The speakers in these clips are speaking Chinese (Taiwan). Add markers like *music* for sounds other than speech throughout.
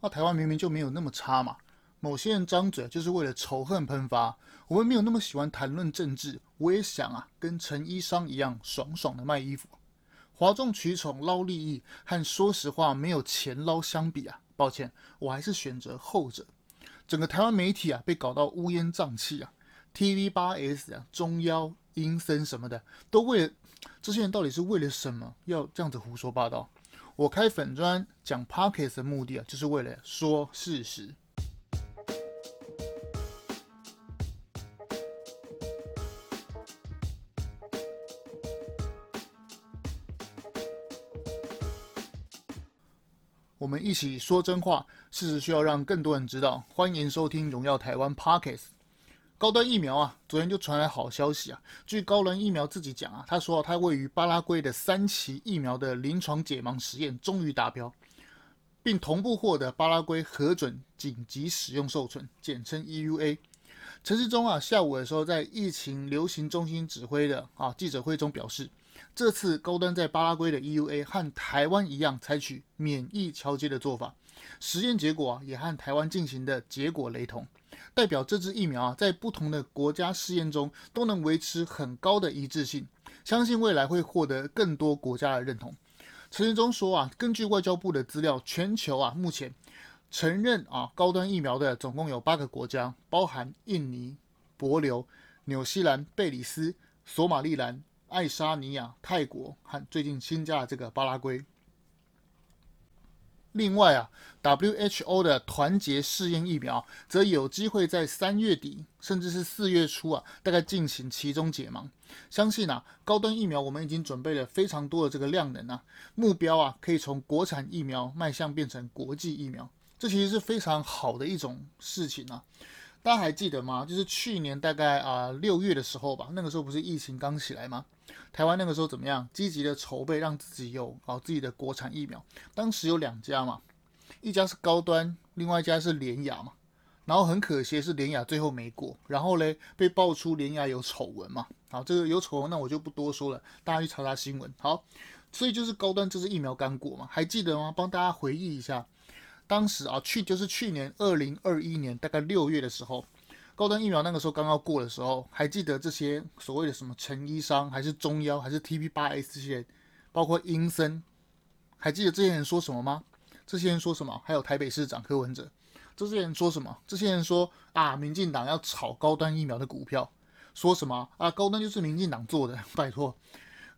那、啊、台灣明明就沒有那麼差嘛！某些人張嘴就是為了仇恨噴發。我們沒有那麼喜歡談論政治。我也想啊，跟陳醫生一樣爽爽的賣衣服。譁眾取寵撈利益和說實話沒有錢撈相比啊，抱歉，我還是選擇後者。整個台灣媒體啊，被搞到烏煙瘴氣啊。TVBS 啊、中腰，陰森什麼的，都為了這些人到底是為了什麼要這樣子胡說八道？我開粉專講 Podcast 的目的啊，就是為了說事實。我們一起說真話，事實需要讓更多人知道。歡迎收聽《榮耀台灣 Podcast》。高端疫苗啊，昨天就傳來好消息啊！據高端疫苗自己講啊，他說他、啊、位於巴拉圭的三期疫苗的臨床解盲實驗終於達標，並同步獲得巴拉圭核准緊急使用授權，簡稱 EUA。陳時中啊，下午的時候在疫情流行中心指揮的啊記者會中表示，這次高端在巴拉圭的 EUA 和台灣一樣，採取免疫橋接的做法，實驗結果啊也和台灣進行的結果雷同。代表這支疫苗啊，在不同的國家試驗中都能維持很高的一致性，相信未來會獲得更多國家的認同。陳建忠說啊，根據外交部的資料，全球啊目前承認啊高端疫苗的總共有八個國家，包含印尼、帛琉、紐西蘭、貝里斯、索馬利蘭、愛沙尼亞、泰國和最近新加的這個巴拉圭。另外啊，WHO 的團結試驗疫苗則有機會在三月底，甚至是四月初啊，大概進行期中解盲。相信啊，高端疫苗我們已經準備了非常多的這個量能啊，目標啊，可以從國產疫苗邁向變成國際疫苗，這其實是非常好的一種事情啊。大家還記得嗎？就是去年大概啊呃、六月的時候吧，那個時候不是疫情剛起來嗎？台灣那個時候怎麼樣？積極的籌備，讓自己有好、哦、自己的國產疫苗。當時有兩家嘛，一家是高端，另外一家是聯亞嘛。然後很可惜是聯亞最後沒過，然後嘞被爆出聯亞有醜聞嘛。好，這個有醜聞，那我就不多說了，大家去查查新聞。好，所以就是高端，這支疫苗剛過嘛。還記得嗎？幫大家回憶一下。當時啊，去就是去年二零二一年大概六月的時候，高端疫苗那個時候剛剛過的時候，還記得這些所謂的什麼陳醫生，還是中幺，還是 TP 八 S 這些，包括英森，還記得這些人說什麼嗎？這些人說什麼？還有台北市長柯文哲，這些人說什麼？這些人說啊，民進黨要炒高端疫苗的股票，說什麼啊？高端就是民進黨做的，拜託，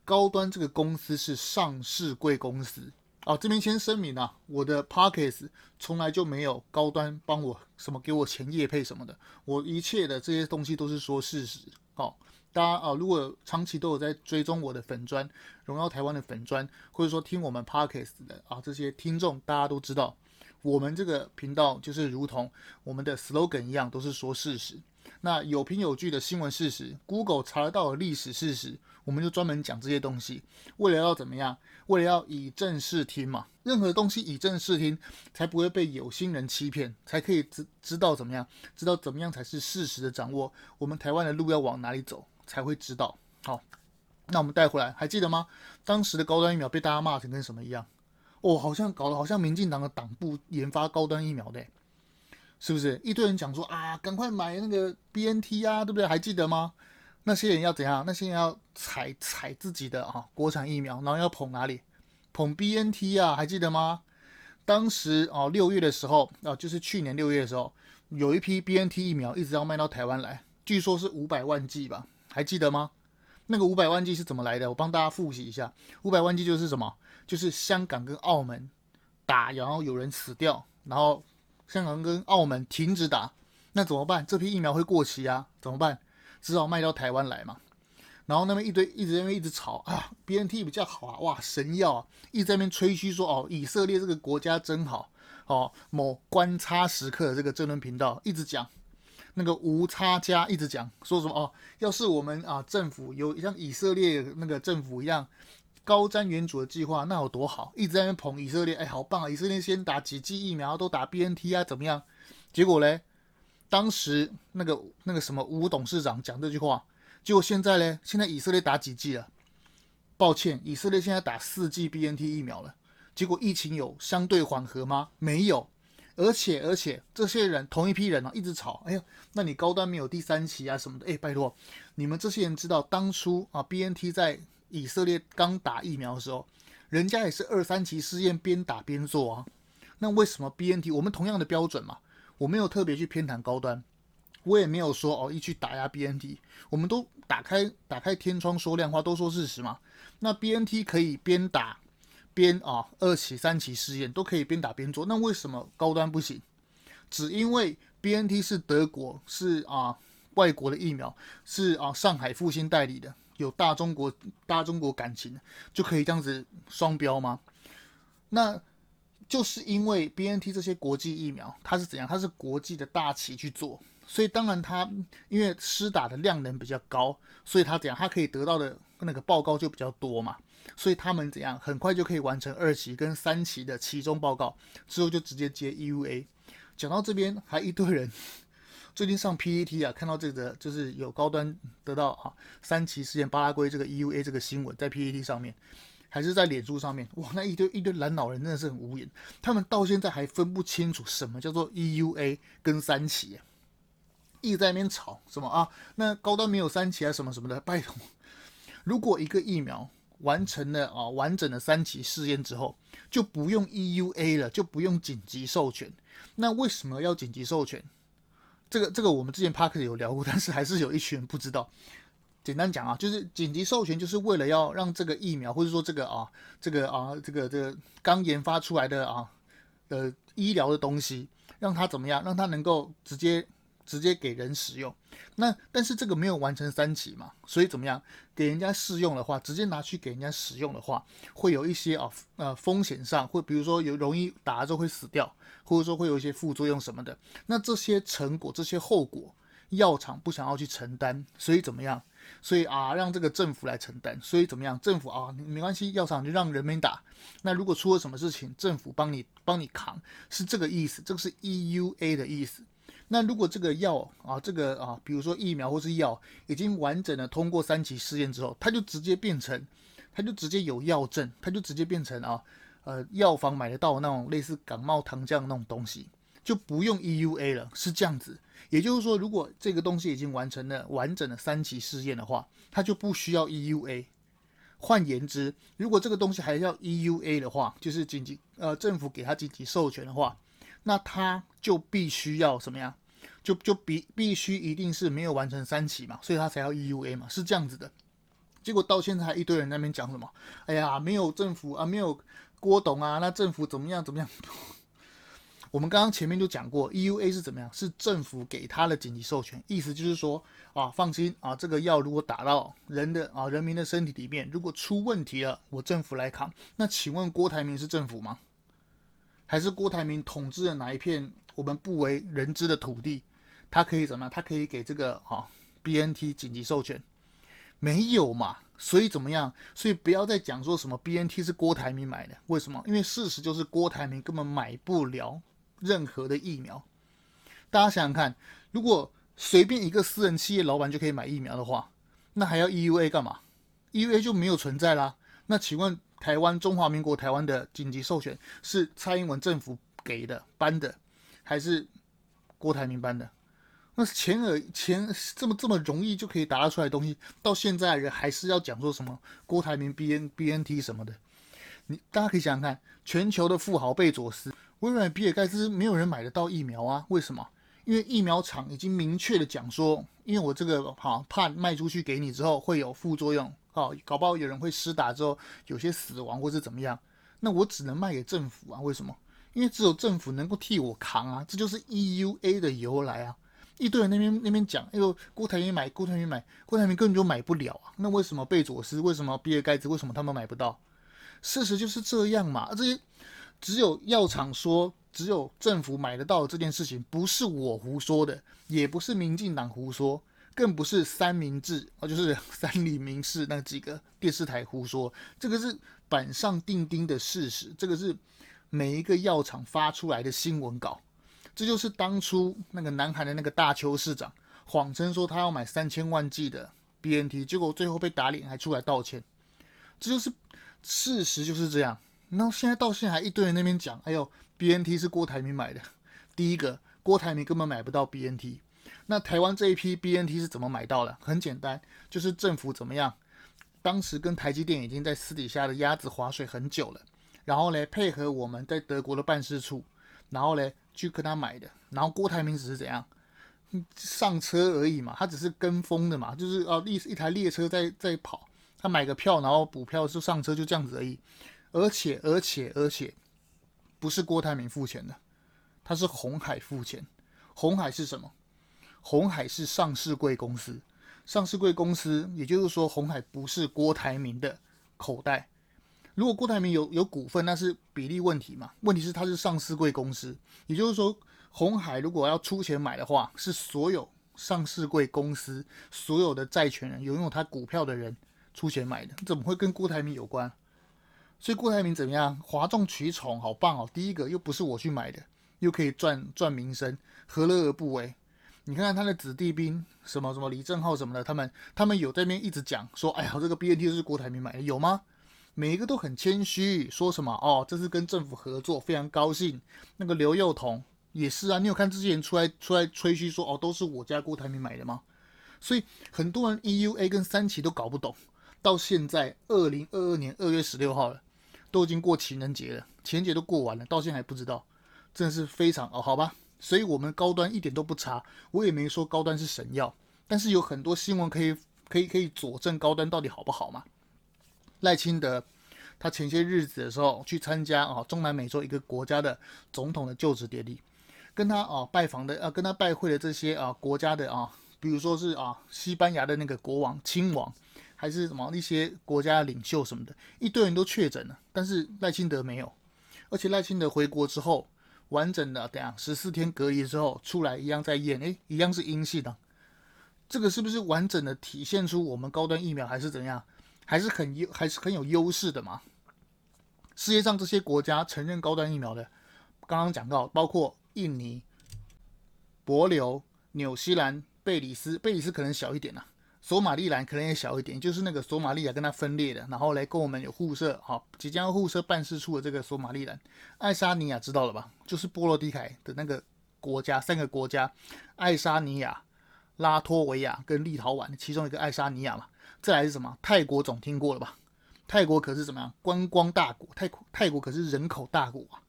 高端這個公司是上市櫃公司。啊，這邊先聲明啊，我的 Podcast 從來就沒有高端幫我什麼給我錢業配什麼的，我一切的這些東西都是說事實。哦，大家啊，如果長期都有在追蹤我的粉專，榮耀台灣的粉專，或者說聽我們 Podcast 的啊這些聽眾，大家都知道，我們這個頻道就是如同我們的 slogan 一樣，都是說事實。那有憑有據的新聞事實，Google 查得到的歷史事實，我們就專門講這些東西。為了要怎麼樣？為了要以正視聽嘛。任何東西以正視聽，才不會被有心人欺騙，才可以知知道怎麼樣，知道怎麼樣才是事實的掌握。我們台灣的路要往哪裡走，才會知道。好，那我們帶回來，還記得嗎？當時的高端疫苗被大家罵成跟什麼一樣？哦，好像搞得好像民進黨的黨部研發高端疫苗的。是不是一堆人講說啊，趕快買那個 BNT 啊？對不對？還記得嗎？那些人要怎樣？那些人要踩踩自己的啊，國產疫苗，然後要捧哪裡？捧 BNT 啊。還記得嗎？當時哦，六月的時候啊，就是去年六月的時候，有一批 BNT 疫苗一直要賣到台灣來，據說是五百萬劑吧？還記得嗎？那個五百萬劑是怎麼來的？我幫大家複習一下，五百萬劑就是什麼？就是香港跟澳門打，然後有人死掉，然後。香港跟澳門停止打，那怎麼辦？這批疫苗會過期啊，怎麼辦？只好賣到台灣來嘛。然後那邊一堆一直在那邊一直吵啊，BNT 比較好啊，哇，神藥啊！一直在那邊吹噓說哦，以色列這個國家真好哦。某觀察時刻的這個政論頻道一直講那個無差價，一直講說什麼哦，要是我們啊政府有像以色列那個政府一樣高瞻遠矚的計劃，那有多好？一直在那邊捧以色列，哎，好棒啊！以色列先打幾劑疫苗，都打 BNT 啊，怎麼樣？結果呢？當時那個那個什麼吳董事長講這句話，結果現在呢？現在以色列打幾劑了？抱歉，以色列現在打四劑 BNT 疫苗了。結果疫情有相對緩和嗎？沒有。而且而且，這些人同一批人啊，一直吵，哎呀，那你高端沒有第三期啊什麼的？哎，拜托，你們這些人知道當初啊，BNT 在。以色列剛打疫苗的時候，人家也是二三期試驗，邊打邊做啊。那為什麼 BNT？我們同樣的標準嘛，我沒有特別去偏袒高端，我也沒有說哦一去打壓 BNT。我們都打開打開天窗說亮話，都說事實嘛。那 BNT 可以邊打邊啊、哦、二期三期試驗都可以邊打邊做，那為什麼高端不行？只因為 BNT 是德國，是啊、呃、外國的疫苗，是啊、呃、上海復星代理的。有大中國、大中國感情就可以這樣子雙標嗎？那就是因為 BNT 這些國際疫苗，它是怎樣？它是國際的大企去做，所以當然它因為施打的量能比較高，所以它怎樣？它可以得到的那個報告就比較多嘛，所以他們怎樣，很快就可以完成二期跟三期的期中報告，之後就直接接 EUA。講到這邊，還一堆人。最近上 PTT 啊，看到這個就是有高端得到啊，三期試驗巴拉圭，這個 E U A 這個新聞，在 PTT 上面，還是在臉書上面哇，那一堆一堆藍老人真的是很無言，他們到現在還分不清楚什麼叫做 E U A 跟三期啊，一直在那邊吵什麼啊？那高端沒有三期啊什麼什麼的，拜託，如果一個疫苗完成了啊完整的三期試驗之後，就不用 E U A 了，就不用緊急授權，那為什麼要緊急授權？這個這個我們之前 Park 有聊過，但是還是有一群人不知道。簡單講啊，就是緊急授權就是為了要讓這個疫苗，或者說這個啊，這個啊，這個這個剛研發出來的啊，呃，醫療的東西，讓它怎麼樣，讓它能夠直接。直接給人使用，那但是這個沒有完成三期嘛，所以怎麼樣？給人家試用的話，直接拿去給人家使用的話，會有一些啊呃風險上會，比如說有容易打了之後會死掉，或者說會有一些副作用什麼的。那這些成果這些後果，藥廠不想要去承擔，所以怎麼樣？所以啊讓這個政府來承擔，所以怎麼樣？政府啊沒關係，藥廠就讓人民打。那如果出了什麼事情，政府幫你幫你扛，是這個意思。這個是 EUA 的意思。那如果這個藥啊，這個啊，比如說疫苗或是藥，已經完整的通過三期試驗之後，它就直接變成，它就直接有藥證，它就直接變成啊，呃，藥房買得到那種類似感冒糖漿那種東西，就不用 EUA 了，是這樣子。也就是說，如果這個東西已經完成了完整的三期試驗的話，它就不需要 EUA。換言之，如果這個東西還要 EUA 的話，就是緊急呃政府給它緊急授權的話，那它就必須要什麼樣？就就必必須一定是沒有完成三期嘛，所以他才要 EUA 嘛，是這樣子的。結果到現在還一堆人在那邊講什麼？哎呀，沒有政府啊，沒有郭董啊，那政府怎麼樣怎麼樣？ *laughs* 我們剛剛前面就講過，EUA 是怎麼樣？是政府給他的緊急授權，意思就是說啊，放心啊，這個藥如果打到人的啊人民的身體裡面，如果出問題了，我政府來扛。那請問郭台銘是政府嗎？還是郭台銘統治了哪一片我們不為人知的土地？他可以怎麼樣？他可以給這個哈、哦、BNT 緊急授權沒有嘛？所以怎麼樣？所以不要再講說什麼 BNT 是郭台銘買的，為什麼？因為事實就是郭台銘根本買不了任何的疫苗。大家想想看，如果隨便一個私人企業老板就可以買疫苗的話，那還要 EUA 幹嘛？EUA 就沒有存在啦。那請問台灣中華民國台灣的緊急授權是蔡英文政府給的頒的，還是郭台銘頒的？那是前耳前這麼這麼容易就可以答得出來的東西，到現在人還是要講說什麼郭台銘 B N B N T 什麼的。你大家可以想想看，全球的富豪貝佐斯、微軟、比爾蓋茨，沒有人買得到疫苗啊？為什麼？因為疫苗廠已經明確的講說，因為我這個好，怕賣出去給你之後會有副作用，好，搞不好有人會施打之後有些死亡或是怎麼樣，那我只能賣給政府啊？為什麼？因為只有政府能夠替我扛啊，這就是 E U A 的由來啊。一堆人那邊那邊講，哎呦，郭台銘買，郭台銘買，郭台銘根本就買不了啊！那為什麼貝佐斯，為什麼比爾蓋茨，為什麼他們買不到？事實就是這樣嘛！啊、這些只有藥廠說，只有政府買得到的這件事情，不是我胡說的，也不是民進黨胡說，更不是三明治啊，就是三立民視那幾個電視台胡說。這個是板上釘釘的事實，這個是每一個藥廠發出來的新聞稿。這就是當初那個南韓的那個大邱市長，謊稱說他要買三千萬劑的 BNT，結果最後被打臉，還出來道歉。這就是事實，就是這樣。那現在到現在還一堆人那邊講，哎呦，BNT 是郭台銘買的。第一個，郭台銘根本買不到 BNT。那台灣這一批 BNT 是怎麼買到的？很簡單，就是政府怎麼樣，當時跟台積電已經在私底下的鴨子划水很久了。然後呢，配合我們在德國的辦事處，然後呢。去跟他買的，然後郭台銘只是怎樣，上車而已嘛，他只是跟風的嘛，就是哦一一台列車在在跑，他買個票，然後補票就上車，就這樣子而已，而且而且而且不是郭台銘付錢的，他是鴻海付錢。鴻海是什麼？鴻海是上市櫃公司，上市櫃公司也就是說，鴻海不是郭台銘的口袋。如果郭台銘有有股份，那是比例問題嘛？問題是他是上市櫃公司，也就是說鴻海如果要出錢買的話，是所有上市櫃公司所有的債權人擁有他股票的人出錢買的，怎麼會跟郭台銘有關？所以郭台銘怎麼樣？嘩眾取寵，好棒哦、喔！第一個又不是我去買的，又可以賺賺名聲，何樂而不為？你看看他的子弟兵，什麼什麼李正浩什麼的，他們他們有在那邊一直講說，哎呀，這個 BNT 是郭台銘買的，有嗎？每一個都很謙虛，說什麼哦，這是跟政府合作，非常高興。那個劉宥彤也是啊，你有看之前出來出來吹噓說哦，都是我家郭台銘買的嗎？所以很多人 EUA 跟三期都搞不懂。到現在二零二二年二月十六號了，都已經過情人節了，情人節都過完了，到現在還不知道，真的是非常哦，好吧。所以我們高端一點都不差，我也沒說高端是神藥，但是有很多新聞可以可以可以佐證高端到底好不好嘛。賴清德，他前些日子的時候去參加啊，中南美洲一個國家的總統的就職典禮，跟他啊拜訪的啊，跟他拜會的這些啊國家的啊，比如說是啊西班牙的那個國王親王，還是什麼一些國家領袖什麼的，一堆人都確診了，但是賴清德沒有，而且賴清德回國之後，完整的等下十四天隔離之後出來一樣在驗，誒、欸，一樣是陰性的、啊，這個是不是完整的體現出我們高端疫苗還是怎樣？還是很優，還是很有優勢的嘛。世界上這些國家承認高端疫苗的，剛剛講到，包括印尼、帛琉、紐西蘭、貝里斯，貝里斯可能小一點啦、啊，索馬利蘭可能也小一點，就是那個索馬利亞跟它分裂的，然後來跟我們有互設，好、哦，即將要互設辦事處的這個索馬利蘭、愛沙尼亞，知道了吧？就是波羅的海的那個國家，三個國家：愛沙尼亞、拉脫維亞跟立陶宛，其中一個愛沙尼亞嘛。再來是什麼？泰國總聽過了吧？泰國可是怎麼樣？觀光大國，泰國泰國可是人口大國啊！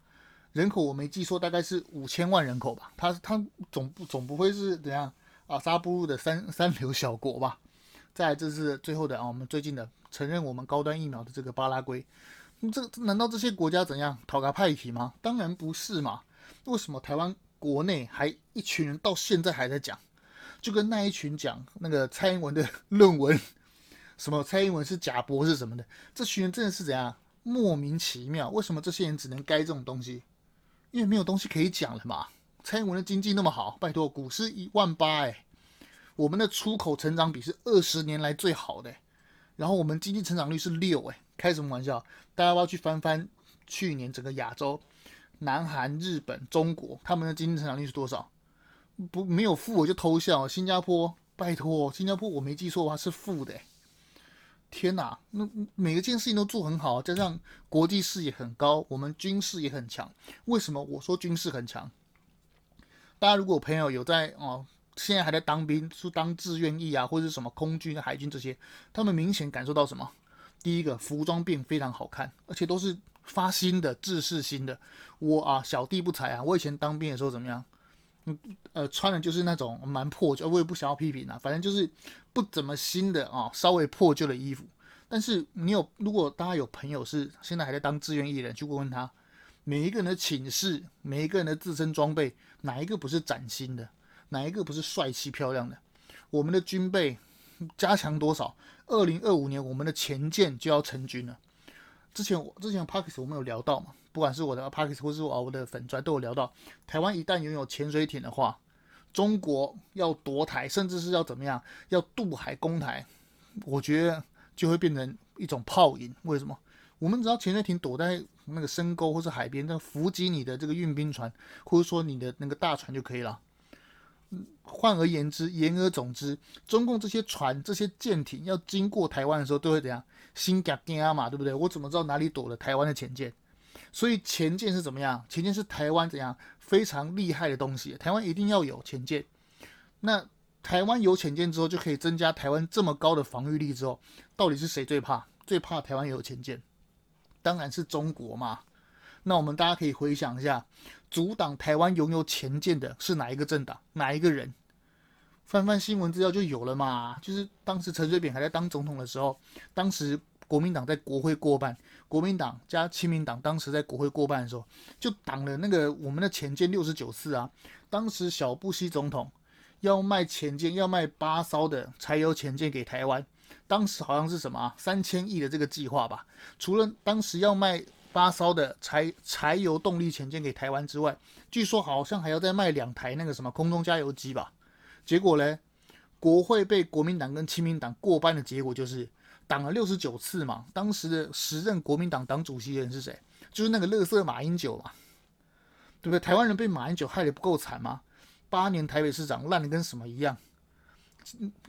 人口我沒記錯，大概是五千萬人口吧。他他總不總不會是怎樣啊？阿撒布魯的三三流小國吧？再來，這是最後的啊！我們最近的承認我們高端疫苗的這個巴拉圭，這難道這些國家怎樣討個派體嗎？當然不是嘛！為什麼台灣國內還一群人到現在還在講？就跟那一群講那個蔡英文的論文。什麼蔡英文是假博士什麼的，這群人真的是怎樣莫名其妙？為什麼這些人只能蓋這種東西？因為沒有東西可以講了嘛。蔡英文的經濟那麼好，拜托，股市一萬八哎，我們的出口成長比是二十年來最好的，然後我們經濟成長率是六哎，開什麼玩笑？大家不要去翻翻去年整個亞洲，南韓、日本、中國他們的經濟成長率是多少？不沒有負我就偷笑。新加坡，拜托，新加坡我沒記錯吧是負的。天吶、啊，那每一件事情都做很好，啊，加上國際視野很高，我們軍事也很強。為什麼我說軍事很強？大家如果朋友有在哦，現在還在當兵，是當志願役啊，或者是什麼空軍、海軍這些，他們明顯感受到什麼？第一個，服裝變非常好看，而且都是發新的、制式新的。我啊，小弟不才啊，我以前當兵的時候怎麼樣？呃，穿的就是那種蠻破舊，我也不想要批評了啊，反正就是不怎麼新的啊，稍微破舊的衣服。但是你有，如果大家有朋友是現在還在當志願役人，去問問他，每一個人的寢室，每一個人的自身裝備，哪一個不是嶄新的，哪一個不是帥氣漂亮的？我們的軍備加強多少？二零二五年我們的潛艦就要成軍了。之前我之前有 podcast 我們有聊到嘛，不管是我的 podcast 或是我我的粉專，都有聊到，台灣一旦擁有潛水艇的話，中國要奪台，甚至是要怎麼樣，要渡海攻台，我覺得就會變成一種泡影。為什麼？我們只要潛水艇躲在那個深溝或是海邊，那伏擊你的這個運兵船，或者說你的那個大船就可以了。換而言之，言而總之，中共這些船、這些艦艇要經過台灣的時候，都會怎樣？心驚驚啊嘛，對不對？我怎麼知道哪裡躲的台灣的潛艦？所以潛艦是怎麼樣？潛艦是台灣怎樣非常厲害的東西？台灣一定要有潛艦。那台灣有潛艦之後，就可以增加台灣這麼高的防禦力之後，到底是誰最怕？最怕台灣有潛艦？當然是中國嘛。那我們大家可以回想一下，阻擋台灣擁有潛艦的是哪一個政黨？哪一個人？翻翻新聞資料就有了嘛，就是當時陳水扁還在當總統的時候，當時國民黨在國會過半，國民黨加親民黨當時在國會過半的時候，就擋了那個我們的潛艦六十九次啊。當時小布希總統要賣潛艦，要賣八艘的柴油潛艦給台灣，當時好像是什麼啊，三千億的這個計劃吧。除了當時要賣八艘的柴柴油動力潛艦給台灣之外，據說好像還要再賣兩台那個什麼空中加油機吧。結果呢？國會被國民黨跟親民黨過半的結果就是，擋了六十九次嘛。當時的時任國民黨黨主席的人是誰？就是那個垃圾馬英九嘛，對不對？台灣人被馬英九害得不夠慘嗎？八年台北市長爛的跟什麼一樣，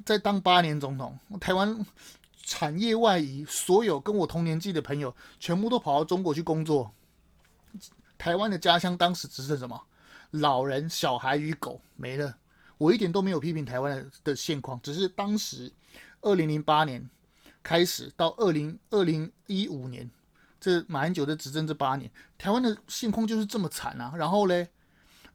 在當八年總統，台灣產業外移，所有跟我同年紀的朋友全部都跑到中國去工作，台灣的家鄉當時只剩什麼？老人、小孩與狗沒了。我一點都沒有批評台灣的現況，只是當時二零零八年開始到二零二零一五年這馬英九的執政這八年，台灣的現況就是這麼慘啊。然後嘞，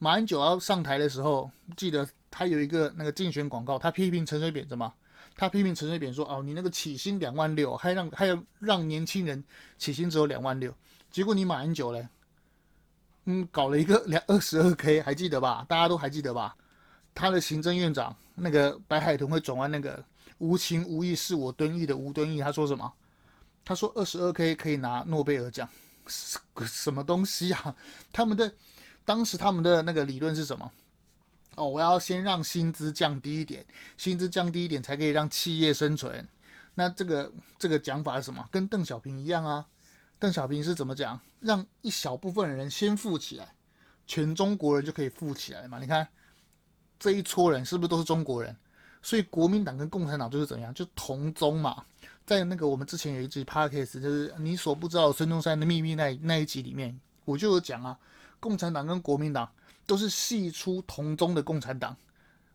馬英九要上台的時候，記得他有一個那個競選廣告，他批評陳水扁，怎麼？他批評陳水扁說：“哦，你那個起薪兩萬六，還讓還要讓年輕人起薪只有兩萬六。”結果你馬英九嘞，嗯，搞了一個兩二十二 K，還記得吧？大家都還記得吧？他的行政院長那個白海豚會轉彎，那個無情無義是我敦義的吳敦義，他說什麼？他說二十二 K 可以拿諾貝爾獎，什什麼東西啊？他們的當時他們的那個理論是什麼？哦，我要先讓薪資降低一點，薪資降低一點才可以讓企業生存。那這個這個講法是什麼？跟鄧小平一樣啊，鄧小平是怎麼講？讓一小部分人先富起來，全中國人就可以富起來嘛，你看。這一撮人是不是都是中國人？所以國民黨跟共產黨就是怎樣，就同宗嘛。在那個我們之前有一集 podcast，就是你所不知道孫中山的秘密那那一集裡面，我就有講啊，共產黨跟國民黨都是系出同宗的共產黨。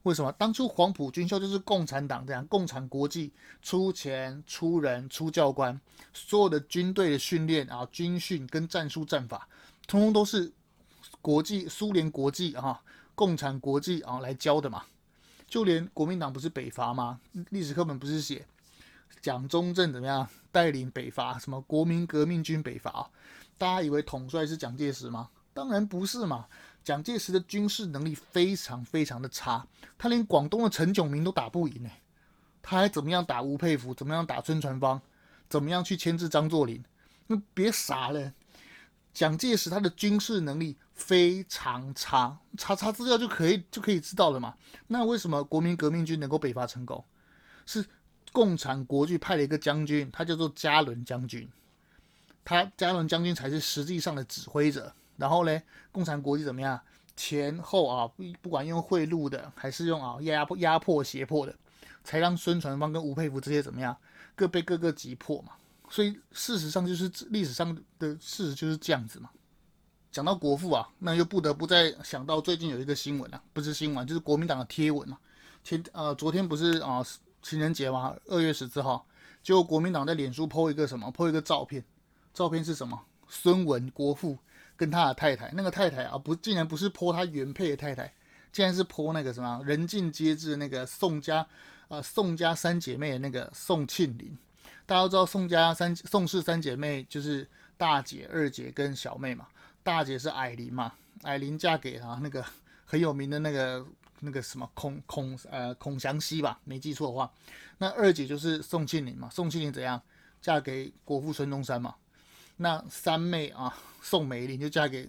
為什麼？當初黃埔軍校就是共產黨這樣，共產國際出錢出人出教官，所有的軍隊的訓練啊，軍訓跟戰術戰法，通通都是國際蘇聯國際啊。共產國際啊，哦，來教的嘛，就連國民黨不是北伐嗎？歷史課本不是寫蔣中正怎麼樣帶領北伐，什麼國民革命軍北伐啊？大家以為統帥是蔣介石嗎？當然不是嘛！蔣介石的軍事能力非常非常的差，他連廣東的陳炯明都打不贏呢。他還怎麼樣打吳佩孚？怎麼樣打孫傳芳？怎麼樣去牽制張作霖？那別傻了，蔣介石他的軍事能力。非常差，查查資料就可以就可以知道了嘛。那為什麼國民革命軍能夠北伐成功？是共產國際派了一個將軍，他叫做加倫將軍，他加倫將軍才是實際上的指揮者。然後呢，共產國際怎麼樣？前後啊，不，不管用賄賂的，還是用啊壓迫壓迫脅迫的，才讓孫傳芳跟吳佩孚這些怎麼樣，各被各個擊破嘛。所以事實上就是歷史上的事實就是這樣子嘛。講到國父啊，那又不得不再想到最近有一個新聞啊，不是新聞就是國民黨的貼文啊。前啊、呃，昨天不是啊、呃、情人節嘛，二月十四號，結果國民黨在臉書 po 一個什麼 po 一個照片，照片是什麼？孫文國父跟他的太太，那個太太啊，不竟然不是 po 他原配的太太，竟然是 po 那個什麼人盡皆知的那個宋家啊、呃，宋家三姐妹的那個宋慶齡。大家都知道宋家三宋氏三姐妹就是大姐、二姐跟小妹嘛。大姐是靄齡嘛，靄齡嫁給他，啊，那個很有名的那個那個什麼孔孔，呃，孔祥熙吧，沒記錯的話。那二姐就是宋慶齡嘛。宋慶齡怎樣？嫁給國父孫中山嘛。那三妹啊，宋美齡就嫁給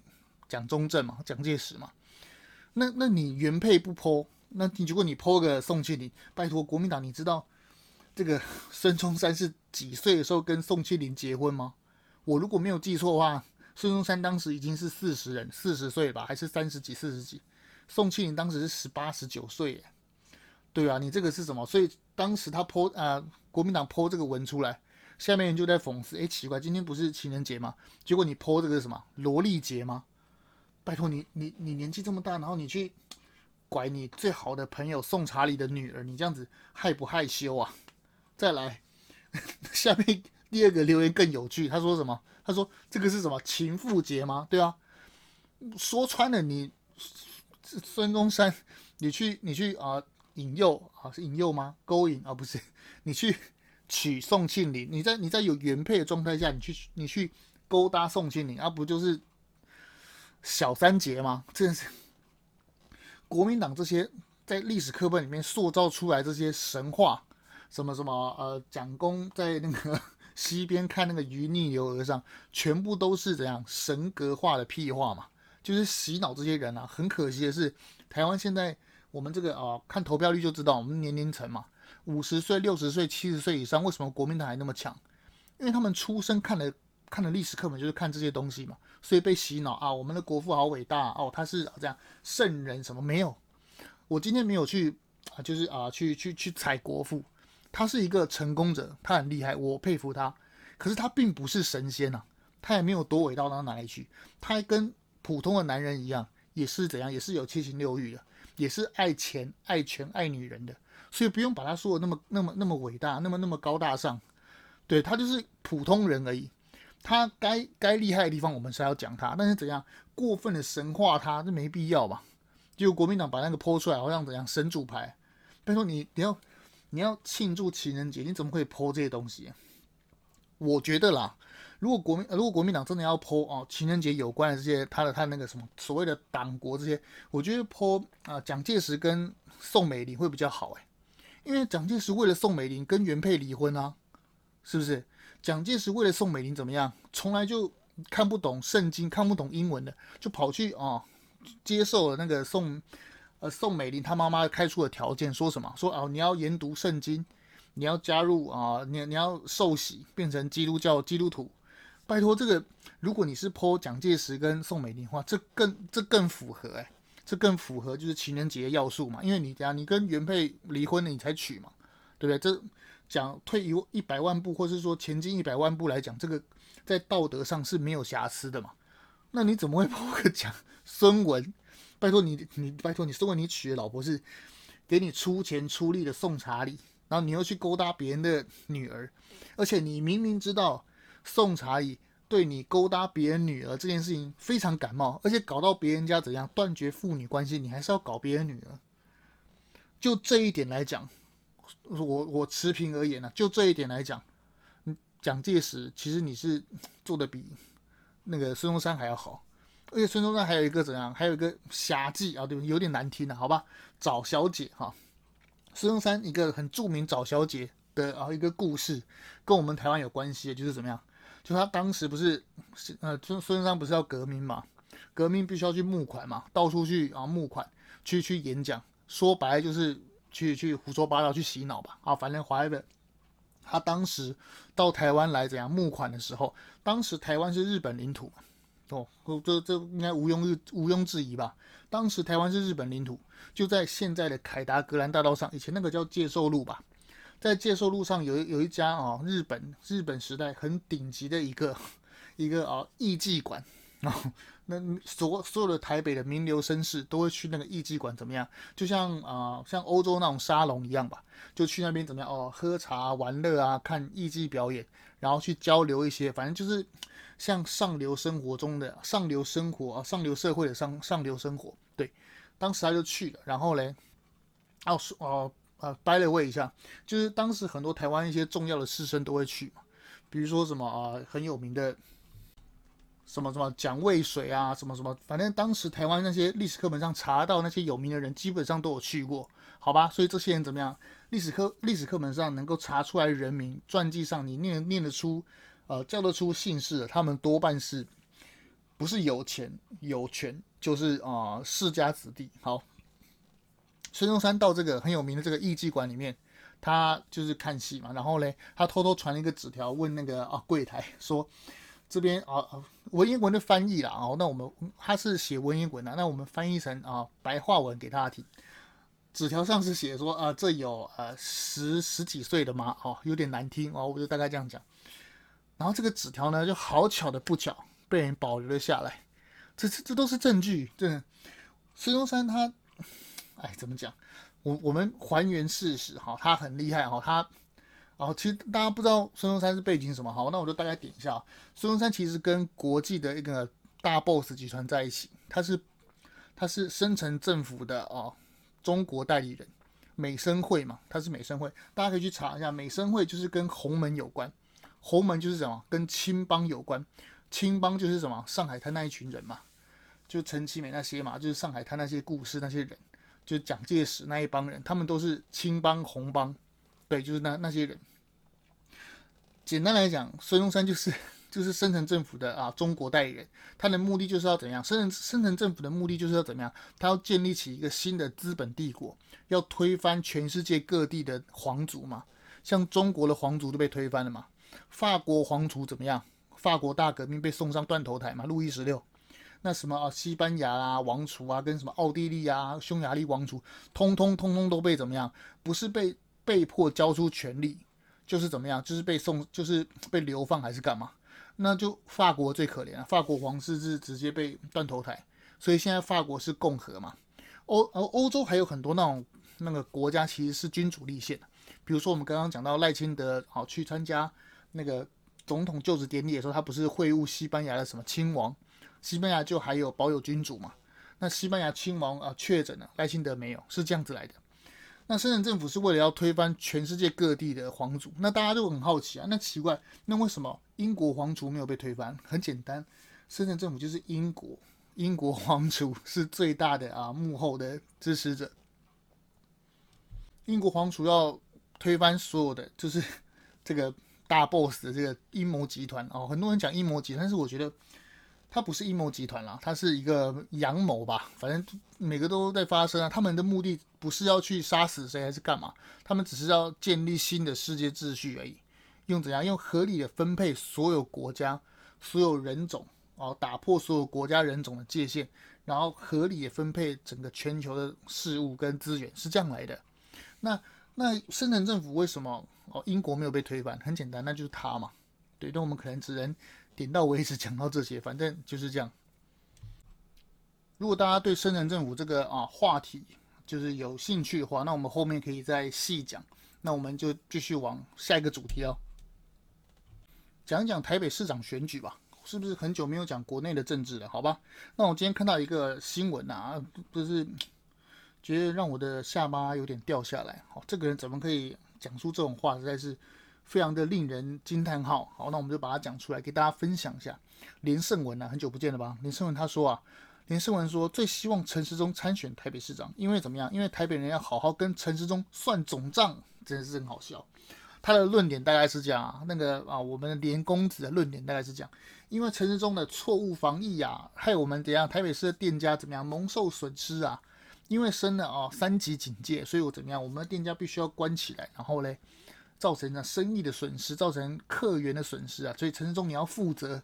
蔣中正嘛，蔣介石嘛。那那你原配不剖？那你如果你剖個宋慶齡，拜託國民黨，你知道這個孫中山是幾歲的時候跟宋慶齡結婚嗎？我如果沒有記錯的話。孫中山當時已經是四十人，四十歲吧，還是三十幾、四十幾？宋慶齡當時是十八、十九歲耶。對啊，你這個是什麼？所以當時他潑啊、呃，國民黨潑這個文出來，下面人就在諷刺。哎、欸，奇怪，今天不是情人節嗎？結果你潑這個什麼？蘿莉節嗎？拜托你，你你年紀這麼大，然後你去拐你最好的朋友宋查理的女兒，你這樣子害不害羞啊？再來，下面第二個留言更有趣，他說什麼？他說：“這個是什麼情婦節嗎？對啊，說穿了你，你孫中山，你去，你去啊、呃，引誘啊，是引誘嗎？勾引啊，不是，你去娶宋慶齡，你在你在有原配的狀態下，你去你去勾搭宋慶齡，啊，不就是小三節嗎？真是國民黨這些在歷史課本裡面塑造出來這些神話，什麼什麼呃，蔣公在那個。”西邊看那個魚逆流而上，全部都是怎樣神格化的屁話嘛，就是洗腦這些人啊。很可惜的是，台灣現在我們這個啊、呃，看投票率就知道，我們年齡層嘛，五十歲、六十歲、七十歲以上，為什麼國民黨還那麼強？因為他們出生看了看了歷史課本，就是看這些東西嘛，所以被洗腦啊。我們的國父好偉大哦，他是這樣聖人什麼沒有？我今天沒有去啊，就是啊，去去去，去踩國父。他是一個成功者，他很厲害，我佩服他。可是他並不是神仙吶、啊，他也沒有多偉大到哪裡去。他跟普通的男人一樣，也是怎樣，也是有七情六慾的，也是愛錢、愛權、愛女人的。所以不用把他說的那麼、那麼、那麼偉大，那麼、那麼高大上。對，他就是普通人而已。他該、該厲害的地方我們是要講他，但是怎樣過分的神化他，這沒必要吧？就國民黨把那個潑出來，好像怎樣神主牌。別說你，你要。你要慶祝情人節，你怎麼可以潑這些東西？我覺得啦，如果國民、呃、如果國民黨真的要潑啊情人節有關的這些，他的他那個什麼所謂的黨國這些，我覺得潑啊蔣介石跟宋美齡會比較好哎，因為蔣介石為了宋美齡跟原配離婚啊，是不是？蔣介石為了宋美齡怎麼樣？從來就看不懂聖經，看不懂英文的，就跑去啊、哦、接受了那個宋。呃，宋美齡她媽媽開出的條件說什麼？說啊，你要研讀聖經，你要加入啊，你你要受洗變成基督教基督徒。拜託，這個如果你是 PO 蔣介石跟宋美齡的話，這更這更符合誒、欸，這更符合就是情人節的要素嘛，因為你講你，你跟原配離婚了，你才娶嘛，對不對？這講退一一百萬步，或是說前進一百萬步來講，這個在道德上是沒有瑕疵的嘛。那你怎麼會 PO 個講孫文？拜託你，你拜託你，因為你娶的老婆是給你出錢出力的宋查理，然後你又去勾搭別人的女兒，而且你明明知道宋查理對你勾搭別人女兒這件事情非常感冒，而且搞到別人家怎樣斷絕父女關係，你還是要搞別人女兒。就這一點來講，我我持平而言啊，就這一點來講，蔣介石其實你是做得比那個孫中山還要好。而且孫中山還有一個怎樣？還有一個狎妓啊，對，不對，有點難聽的啊，好吧？找小姐哈，孫中山一個很著名找小姐的啊一個故事，跟我們台灣有關係的，就是怎麼樣？就他當時不是呃孫孫中山不是要革命嘛？革命必須要去募款嘛，到處去啊募款，去去演講，說白就是去去胡說八道，去洗腦吧？啊，反正華懷的他當時到台灣來怎樣募款的時候，當時台灣是日本領土。哦，這這應該毋庸置毋庸置疑吧？當時台灣是日本領土，就在現在的凱達格蘭大道上，以前那個叫介壽路吧，在介壽路上有一有一家啊、哦、日本日本時代很頂級的一個一個啊、哦、藝伎館、哦，那所所有的台北的名流紳士都會去那個藝伎館怎麼樣？就像啊、呃、像歐洲那種沙龍一樣吧，就去那邊怎麼樣哦喝茶玩樂啊看藝伎表演。然後去交流一些，反正就是像上流生活中的上流生活啊，上流社會的上上流生活。對，當時他就去了。然後嘞，哦、啊，說、呃、哦，啊 by the way 一下，就是當時很多台灣一些重要的士紳都會去，比如說什麼啊、呃、很有名的，什麼什麼蔣渭水啊，什麼什麼，反正當時台灣那些歷史課本上查到那些有名的人，基本上都有去過，好吧？所以這些人怎麼樣？歷史課歷史課本上能夠查出來的人名傳記上你念念得出，呃叫得出姓氏的，他們多半是，不是有錢有權就是啊、呃、世家子弟。好，孫中山到這個很有名的這個藝妓館裡面，他就是看戲嘛，然後呢，他偷偷傳了一個紙條問那個啊櫃台說，這邊啊文言文的翻譯啦，哦那我們他是寫文言文的，那我們翻譯成啊白話文給大家聽。紙條上是寫說啊、呃，這有呃十十幾歲的嘛，哦，有點難聽哦，我就大概這樣講。然後這個紙條呢，就好巧的不巧被人保留了下來，這這這都是證據。這孫中山他，哎，怎麼講？我我們還原事實哈、哦，他很厲害哈、哦，他啊、哦，其實大家不知道孫中山是背景什麼，好，那我就大概點一下。孫中山其實跟國際的一個大 boss 集團在一起，他是他是深層政府的哦。中國代理人美生會嘛，他是美生會，大家可以去查一下美生會，就是跟洪門有關，洪門就是什麼？跟青幫有關，青幫就是什麼？上海灘那一群人嘛，就陳其美那些嘛，就是上海灘那些故事那些人，就蔣介石那一幫人，他們都是青幫紅幫，對，就是那那些人。簡單來講，孫中山就是。就是深層政府的啊，中國代理人，他的目的就是要怎樣？深層深層政府的目的就是要怎麼樣？他要建立起一個新的資本帝國，要推翻全世界各地的皇族嘛？像中國的皇族都被推翻了嘛？法國皇族怎麼樣？法國大革命被送上斷頭台嘛？路易十六？那什麼、啊、西班牙啊，王族啊，跟什麼奧地利啊、匈牙利王族，通通通通都被怎麼樣？不是被被迫交出權力，就是怎麼樣？就是被送，就是被流放還是幹嘛？那就法國最可憐了，法國皇室是直接被斷頭台，所以現在法國是共和嘛。歐，而歐洲還有很多那種那個國家其實是君主立憲，比如說我們剛剛講到賴清德，好，去參加那個總統就職典禮的時候，他不是會晤西班牙的什麼親王，西班牙就還有保有君主嘛。那西班牙親王啊確診了，賴清德沒有，是這樣子來的。那深圳政府是為了要推翻全世界各地的皇族，那大家都很好奇啊，那奇怪，那為什麼英國皇族沒有被推翻？很簡單，深圳政府就是英國，英國皇族是最大的啊幕後的支持者。英國皇族要推翻所有的，就是這個大 boss 的這個陰謀集團哦。很多人講陰謀集團，但是我覺得。它不是陰謀集團了，它是一個陽謀吧？反正每個都在發生啊。他們的目的不是要去殺死誰還是幹嘛，他們只是要建立新的世界秩序而已。用怎樣？用合理的分配所有國家、所有人種哦，打破所有國家人種的界限，然後合理的分配整個全球的事物跟資源，是這樣來的。那那深層政府為什麼哦英國沒有被推翻？很簡單，那就是他嘛。對，那我們可能只能。點到為止，講到這些，反正就是這樣。如果大家對深層政府這個啊話題就是有興趣的話，那我們後面可以再細講。那我們就繼續往下一個主題哦，講一講台北市長選舉吧，是不是很久沒有講國內的政治了？好吧，那我今天看到一個新聞啊，就是，覺得讓我的下巴有點掉下來。好、哦，這個人怎麼可以講出這種話，實在是。非常的令人驚嘆。好，好，那我們就把它講出來，給大家分享一下。連勝文呢、啊，很久不見了吧？連勝文他說啊，連勝文說最希望陳時中參選台北市長，因為怎麼樣？因為台北人要好好跟陳時中算總賬真的是很好笑。他的論點大概是這樣啊，那個啊，我們的連公子的論點大概是這樣，因為陳時中的錯誤防疫啊，害我們怎樣？台北市的店家怎麼樣蒙受損失啊？因為升了啊三級警戒，所以我怎麼樣？我們的店家必須要關起來，然後勒？造成那生意的損失，造成客源的損失啊！所以陳時中你要負責，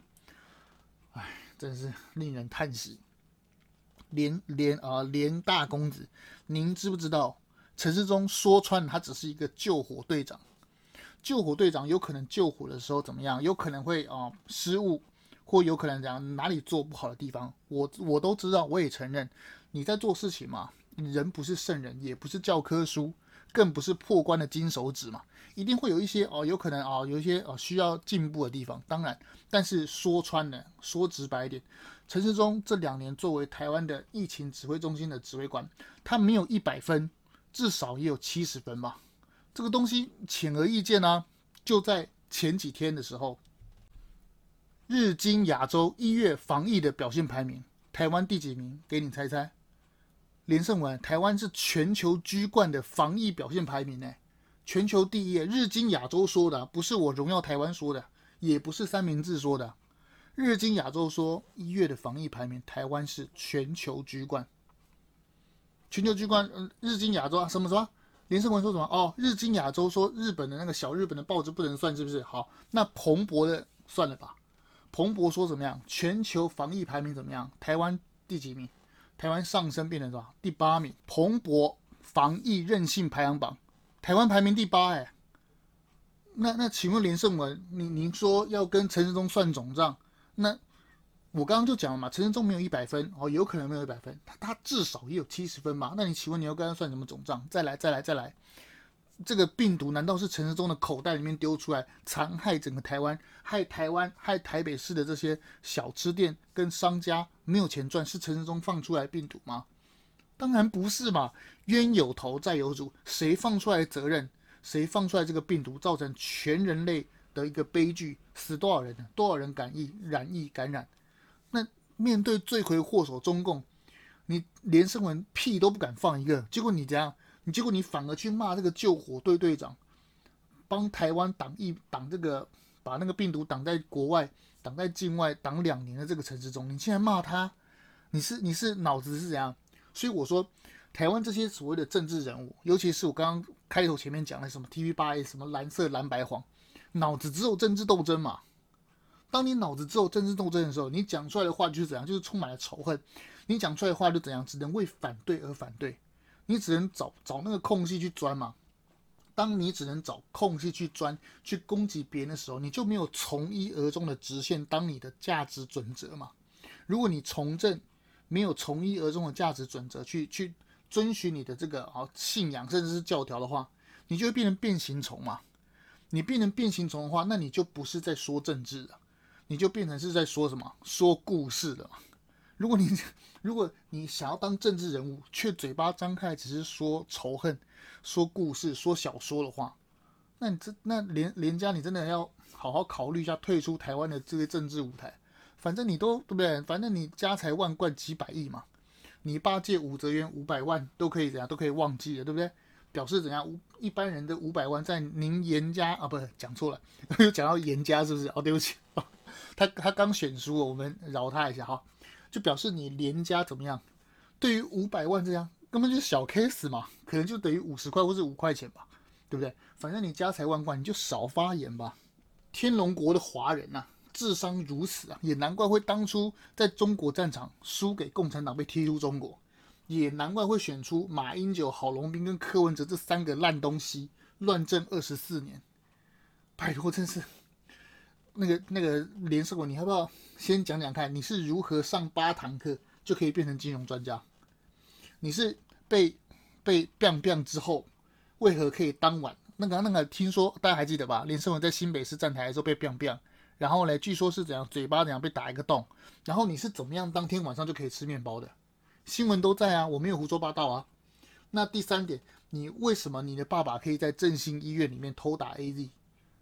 哎，真是令人嘆息。連連啊、呃，連大公子，您知不知道？陳時中說穿了，他只是一個救火隊長。救火隊長有可能救火的時候怎麼樣？有可能會啊、呃、失誤，或有可能怎樣？哪裡做不好的地方，我我都知道，我也承認。你在做事情嘛，你人不是聖人，也不是教科書，更不是破關的金手指嘛。一定會有一些哦，有可能啊、哦，有一些哦需要進步的地方。當然，但是說穿了，說直白一點，陳時中這兩年作為台灣的疫情指揮中心的指揮官，他沒有一百分，至少也有七十分吧。這個東西顯而易見啊。就在前幾天的時候，日經亞洲一月防疫的表現排名，台灣第幾名？給你猜猜，連勝文，台灣是全球居冠的防疫表現排名呢、欸。全球第一耶，日經亞洲說的，不是我榮耀台灣說的，也不是三明治說的。日經亞洲說一月的防疫排名，台灣是全球居冠。全球居冠，嗯，日經亞洲啊，什麼什麼？連勝文說什麼？哦，日經亞洲說日本的那個小日本的報紙不能算，是不是？好，那彭博的算了吧。彭博說怎麼樣？全球防疫排名怎麼樣？台灣第幾名？台灣上升變成什麼？第八名。彭博防疫韌性排行榜。台灣排名第八哎、欸，那那請問連勝文，你您說要跟陳時中算總賬，那我剛剛就講了嘛，陳時中沒有一百分哦，有可能沒有一百分，他他至少也有七十分嘛，那你請問你要跟他算什麼總賬？再來再來再來，這個病毒難道是陳時中的口袋裡面丟出來，殘害整個台灣，害台灣，害台北市的這些小吃店跟商家沒有錢賺，是陳時中放出來病毒嗎？當然不是嘛！冤有頭，債有主。誰放出來責任？誰放出來這個病毒，造成全人類的一個悲劇？死多少人呢？多少人感染、染疫、感染？那面對罪魁禍首中共，你連聲文屁都不敢放一個。結果你怎樣？你結果你反而去罵這個救火隊隊長，幫台灣擋疫、擋這個，把那個病毒擋在國外、擋在境外、擋兩年的這個陳時中。你竟然罵他，你是你是腦子是怎樣？所以我說，台灣這些所謂的政治人物，尤其是我剛剛開頭前面講的什麼 TV8A 什麼藍色藍白黃，腦子只有政治鬥爭嘛。當你腦子只有政治鬥爭的時候，你講出來的話就是怎樣？就是充滿了仇恨。你講出來的話就怎樣？只能為反對而反對，你只能找找那個空隙去鑽嘛。當你只能找空隙去鑽、去攻擊別人的時候，你就沒有從一而終的直線當你的價值準則嘛。如果你從政，沒有從一而終的價值準則去去遵循，你的這個啊、哦、信仰甚至是教條的話，你就會變成變形蟲嘛。你變成變形蟲的話，那你就不是在說政治了，你就變成是在說什麼說故事的。如果你如果你想要當政治人物，卻嘴巴張開只是說仇恨、說故事、說小說的話，那你這那連連家你真的要好好考慮一下，退出台灣的這個政治舞台。反正你都對不對？反正你家財萬貫幾百億嘛，你八戒武則天五百萬都可以怎樣，都可以忘記了，對不對？表示怎樣？一般人的五百萬在您連家啊，不，講錯了，又講到連家是不是？哦，對不起，哦、他他剛選輸，我們饒他一下哈，就表示你連家怎麼樣？對於五百萬這樣根本就是小 case 嘛，可能就等於五十塊或是五塊錢吧，對不對？反正你家財萬貫，你就少發言吧。天龍國的華人呐、啊。智商如此啊，也難怪會當初在中國戰場輸給共產黨被踢出中國，也難怪會選出馬英九、郝龍斌跟柯文哲這三個爛東西亂政二十四年。拜託，真是那個那個連勝文，你要不要先講講看，你是如何上八堂課就可以變成金融專家？你是被被 bang bang 之後，為何可以當晚那個那個，聽說大家還記得吧？連勝文在新北市站台的時候被 bang bang 然後呢，據說是怎樣，嘴巴怎樣被打一個洞，然後你是怎麼樣當天晚上就可以吃麵包的？新聞都在啊，我沒有胡說八道啊。那第三點，你為什麼你的爸爸可以在振興醫院裡面偷打 AZ？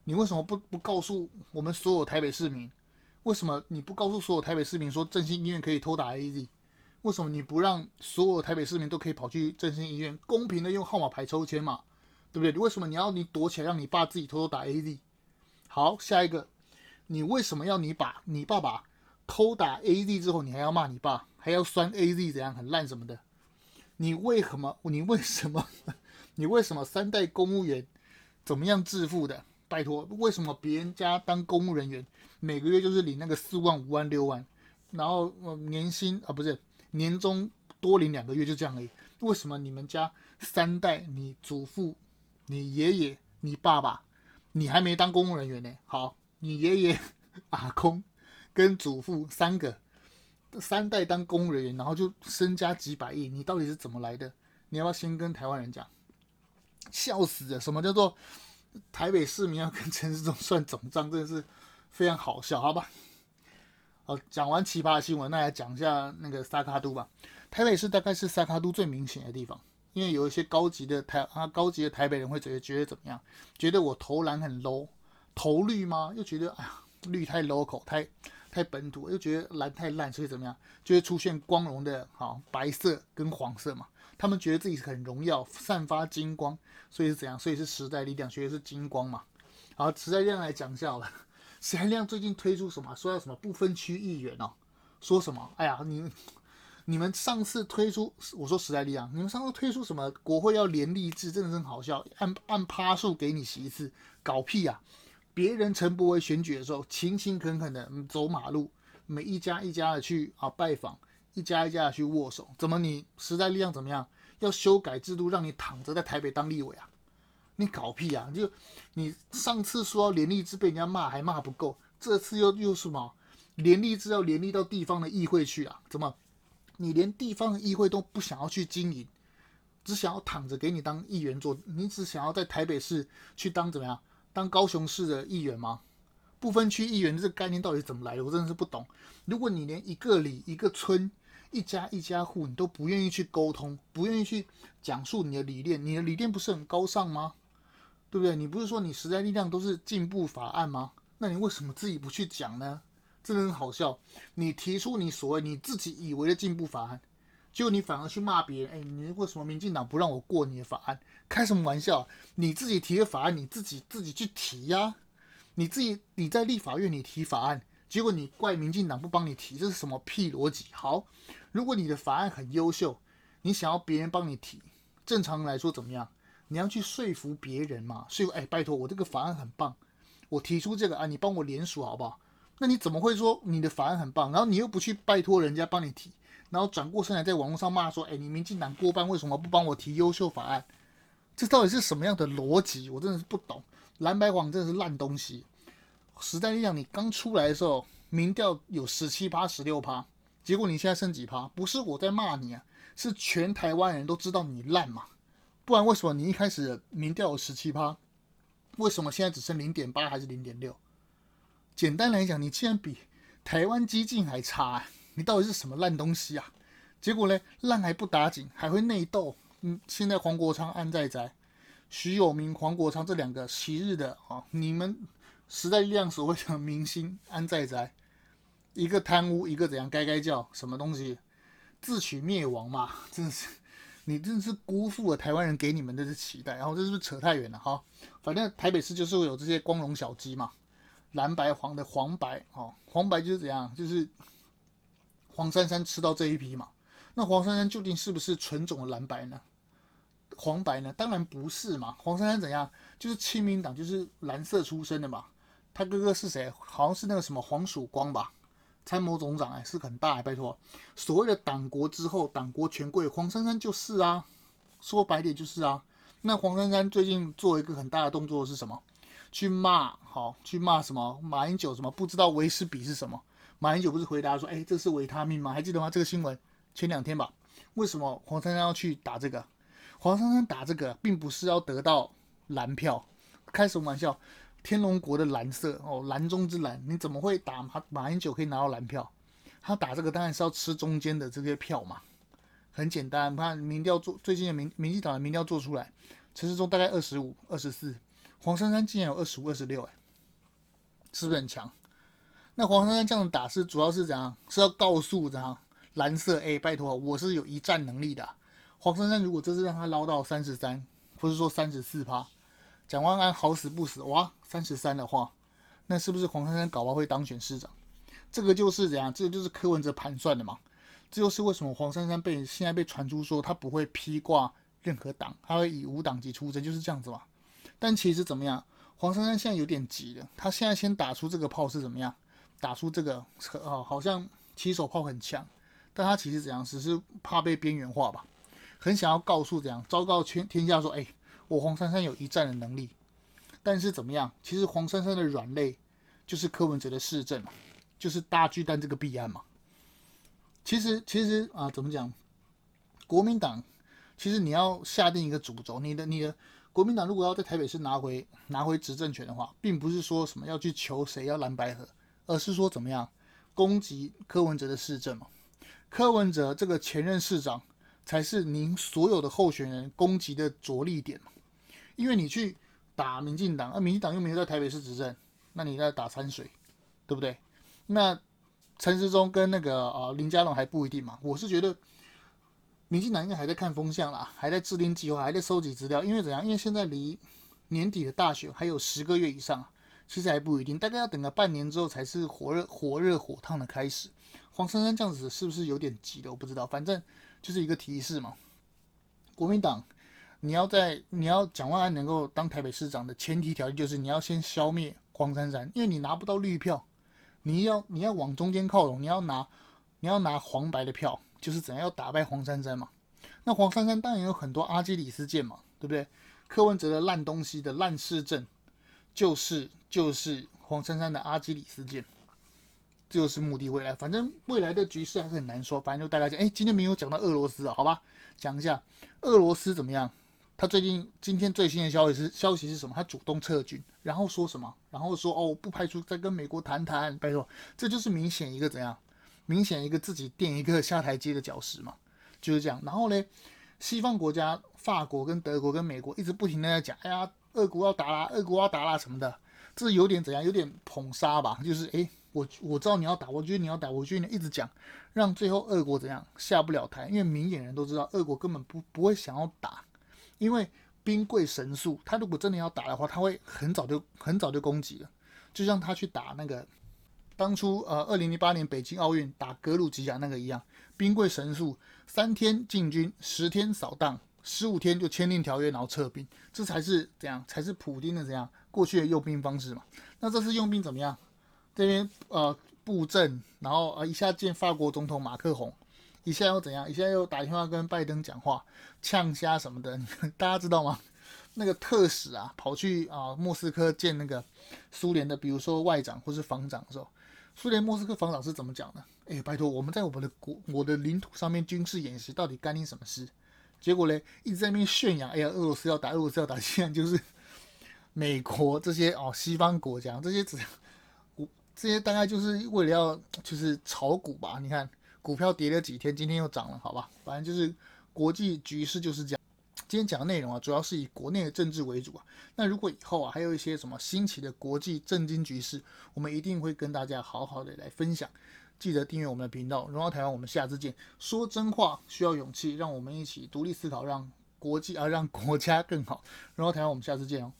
你為什麼不不告訴我們所有台北市民？為什麼你不告訴所有台北市民說振興醫院可以偷打 AZ？為什麼你不讓所有台北市民都可以跑去振興醫院公平的用號碼牌抽籤嘛？對不對？為什麼你要你躲起來讓你爸自己偷偷打 AZ？好，下一個。你為什麼要你把你爸爸偷打 A Z 之後，你還要罵你爸，還要酸 A Z 怎樣很爛什麼的？你為什麼？你為什麼？你為什麼三代公務員怎麼樣致富的？拜托，為什麼別人家當公務人員每個月就是領那個四萬五萬六萬，然後年薪啊不是年終多領兩個月就這樣而已？為什麼你們家三代你祖父、你爺爺、你爸爸，你還沒當公務人員呢、欸？好。你爺爺、阿公跟祖父三個三代當公務人員，然後就身家幾百億，你到底是怎麼來的？你要不要先跟台灣人講？笑死了！什麼叫做台北市民要跟陳時中算總賬？真的是非常好笑，好吧？好，講完奇葩的新聞，那來講一下那個薩卡都吧。台北市大概是薩卡都最明顯的地方，因為有一些高級的台啊，高級的台北人會覺得覺得怎麼樣？覺得我投藍很 low。投綠嗎？又覺得哎呀，綠太 local，太太本土，又覺得藍太爛，所以怎麼樣？就會出現光榮的白色跟黃色嘛。他們覺得自己是很榮耀，散發金光，所以是怎樣？所以是時代力量，所以是金光嘛。好，時代力量來講一下好了。時代力量最近推出什麼？說要什麼不分區議員哦，說什麼？哎呀，你你們上次推出，我說時代力量，你們上次推出什麼？國會要連立制，真的真好笑，按按趴數給你席次，搞屁啊！別人陳柏惟選舉的時候，勤勤懇懇的走馬路，每一家一家的去啊拜訪，一家一家的去握手。怎麼你時代力量怎麼樣？要修改制度，讓你躺着在台北當立委啊？你搞屁啊！就你上次說要聯立制被人家罵，還罵不夠，這次又又什麼聯立制要聯立到地方的議會去啊？怎麼你連地方的議會都不想要去經營，只想要躺着給你當議員做？你只想要在台北市去當怎麼樣？當高雄市的議員嗎？不分區議員這個概念到底怎麼來的？我真的是不懂。如果你連一個里、一個村、一家一家戶你都不願意去溝通，不願意去講述你的理念，你的理念不是很高尚嗎？對不對？你不是說你時代力量都是進步法案嗎？那你為什麼自己不去講呢？真的很好笑。你提出你所謂你自己以為的進步法案。結果你反而去罵別人，哎，你為什麼民進黨不讓我過你的法案？開什麼玩笑？你自己提的法案，你自己自己去提呀、啊。你自己你在立法院你提法案，結果你怪民進黨不幫你提，這是什麼屁邏輯？好，如果你的法案很優秀，你想要別人幫你提，正常來說怎麼樣？你要去說服別人嘛，說服哎，拜託我這個法案很棒，我提出這個案、啊，你幫我聯署好不好？那你怎麼會說你的法案很棒，然後你又不去拜託人家幫你提？然後轉過身來，在網絡上罵說：“哎，你民進黨過半為什麼不幫我提優秀法案？這到底是什麼樣的邏輯？我真的是不懂。藍白黃真的是爛東西。實在講，你剛出來的時候，民調有十七趴、十六趴，結果你現在剩幾趴？不是我在罵你啊，是全台灣人都知道你爛嘛。不然為什麼你一開始民調有十七趴，為什麼現在只剩零點八還是零點六？簡單來講，你竟然比台灣基進還差啊。”你到底是什麼爛東西啊？結果呢，爛還不打緊，還會內鬥。嗯，現在黃國昌安在哉，徐有明、黃國昌這兩個昔日的哦，你們時代力量所謂的明星安在哉，一個貪污，一個怎樣該該叫什麼東西，自取滅亡嘛？真的是，你真的是辜負了台灣人給你們的期待。然、哦、後這是不是扯太遠了哈？反正台北市就是會有這些光榮小雞嘛，藍白黃的黃白哦，黃白就是怎樣，就是。黃珊珊吃到這一批嘛？那黃珊珊究竟是不是純種的藍白呢？黃白呢？當然不是嘛！黃珊珊怎樣？就是親民黨，就是藍色出身的嘛。他哥哥是誰？好像是那個什麼黃曙光吧？參謀總長哎、欸，是很大哎、欸，拜託。所謂的黨國之後，黨國權貴，黃珊珊就是啊。說白點就是啊。那黃珊珊最近做一個很大的動作是什麼？去罵好，去罵什麼？馬英九什麼？不知道維士比是什麼？馬英九不是回答說：“哎、欸，這是維他命嗎？還記得嗎？這個新聞前兩天吧。為什麼黃珊珊要去打這個？黃珊珊打這個，並不是要得到藍票，開什麼玩笑？天龍國的藍色哦，藍中之藍，你怎麼會打馬？馬英九可以拿到藍票，他打這個當然是要吃中間的這些票嘛。很簡單，他民調做最近的民民進黨的民調做出來，陳時中大概二十五、二十四，黃珊珊竟然有二十五、二十六，哎，是不是很強？”那黃珊珊這樣的打是主要是怎樣？是要告訴這樣藍色 A、欸、拜托，我是有一戰能力的、啊。黃珊珊如果這次讓他撈到三十三，或者說三十四趴，蔣萬安好死不死哇，三十三的話，那是不是黃珊珊搞不好會當選市長？這個就是怎樣，這個就是柯文哲盤算的嘛。這個、就是為什麼黃珊珊被現在被傳出說他不會披掛任何黨，他會以無黨籍出征，就是這樣子嘛。但其實怎麼樣？黃珊珊現在有點急了，他現在先打出這個炮是怎麼樣？打出這個啊，好像起手炮很強，但他其實怎樣，只是怕被邊緣化吧，很想要告訴這樣，昭告天天下說：“哎，我黃珊珊有一戰的能力。”但是怎麼樣？其實黃珊珊的軟肋就是柯文哲的市政嘛，就是大巨蛋這個弊案嘛。其實，其實啊，怎麼講？國民黨其實你要下定一個主軸，你的你的國民黨如果要在台北市拿回拿回執政權的話，並不是說什麼要去求誰要藍白合。而是說怎麼樣攻擊柯文哲的市政嘛。柯文哲這個前任市長才是您所有的候選人攻擊的着力點嘛。因為你去打民進黨，啊民進黨又沒有在台北市執政，那你在打摻水，對不對？那陳時中跟那個呃林佳龍還不一定嘛。我是覺得民進黨應該還在看風向啦，還在制定計劃，還在收集資料。因為怎樣？因為現在離年底的大選還有十個月以上啊其實還不一定，大概要等個半年之後才是火熱、火熱、火燙的開始。黃珊珊這樣子是不是有點急了？我不知道，反正就是一個提示嘛。國民黨，你要在你要蔣萬安能夠當台北市長的前提條件就是你要先消滅黃珊珊，因為你拿不到綠票，你要你要往中間靠攏，你要拿你要拿黃白的票，就是怎樣要打敗黃珊珊嘛。那黃珊珊當然有很多阿基里斯腱嘛，對不對？柯文哲的爛東西的爛市政。就是就是黃珊珊的阿基里斯腱這就是目的。未來。反正未來的局勢還是很難說。反正就帶大家講，誒，今天沒有講到俄羅斯啊，好吧，講一下俄羅斯怎麼樣？他最近今天最新的消息是消息是什麼？他主動撤軍，然後說什麼？然後說哦，不排除再跟美國談談。拜托，這就是明顯一個怎樣？明顯一個自己墊一個下台階的腳石嘛，就是這樣。然後呢，西方國家法國跟德國跟美國一直不停的在講，哎呀。俄國要打啦，俄國要打啦什麼的，這有點怎樣？有點捧殺吧？就是誒，我我知道你要打，我覺得你要打，我就一直講，讓最後俄國怎樣下不了台，因為明眼人都知道俄國根本不不會想要打，因為兵貴神速，他如果真的要打的話，他會很早就很早就攻擊了，就像他去打那個當初呃二零零八年北京奧運打格魯吉亞那個一樣，兵貴神速，三天進軍，十天掃蕩。十五天就簽訂條約，然後撤兵，這才是怎樣？才是普京的怎樣過去的用兵方式嘛？那這次用兵怎麼樣？這邊呃佈陣，然後呃一下見法國總統馬克宏，一下又怎樣？一下又打電話跟拜登講話，嗆蝦什麼的？大家知道嗎？那個特使啊，跑去啊、呃、莫斯科見那個蘇聯的，比如說外長或是防長的時候，蘇聯莫斯科防長是怎麼講的？哎、欸，拜託，我們在我們的國我的領土上面軍事演習，到底干你什麼事？結果呢，一直在那邊炫耀。哎呀，俄羅斯要打，俄羅斯要打，現在就是美國這些哦，西方國家這些只，這些大概就是為了要就是炒股吧。你看，股票跌了幾天，今天又漲了，好吧？反正就是國際局勢就是這樣。今天講的內容啊，主要是以國內的政治為主啊。那如果以後啊，還有一些什麼新奇的國際政經局勢，我們一定會跟大家好好的來分享。記得訂閱我們的頻道，榮耀台灣，我們下次見。說真話需要勇氣，讓我們一起獨立思考，讓國際啊，讓國家更好。榮耀台灣，我們下次見哦。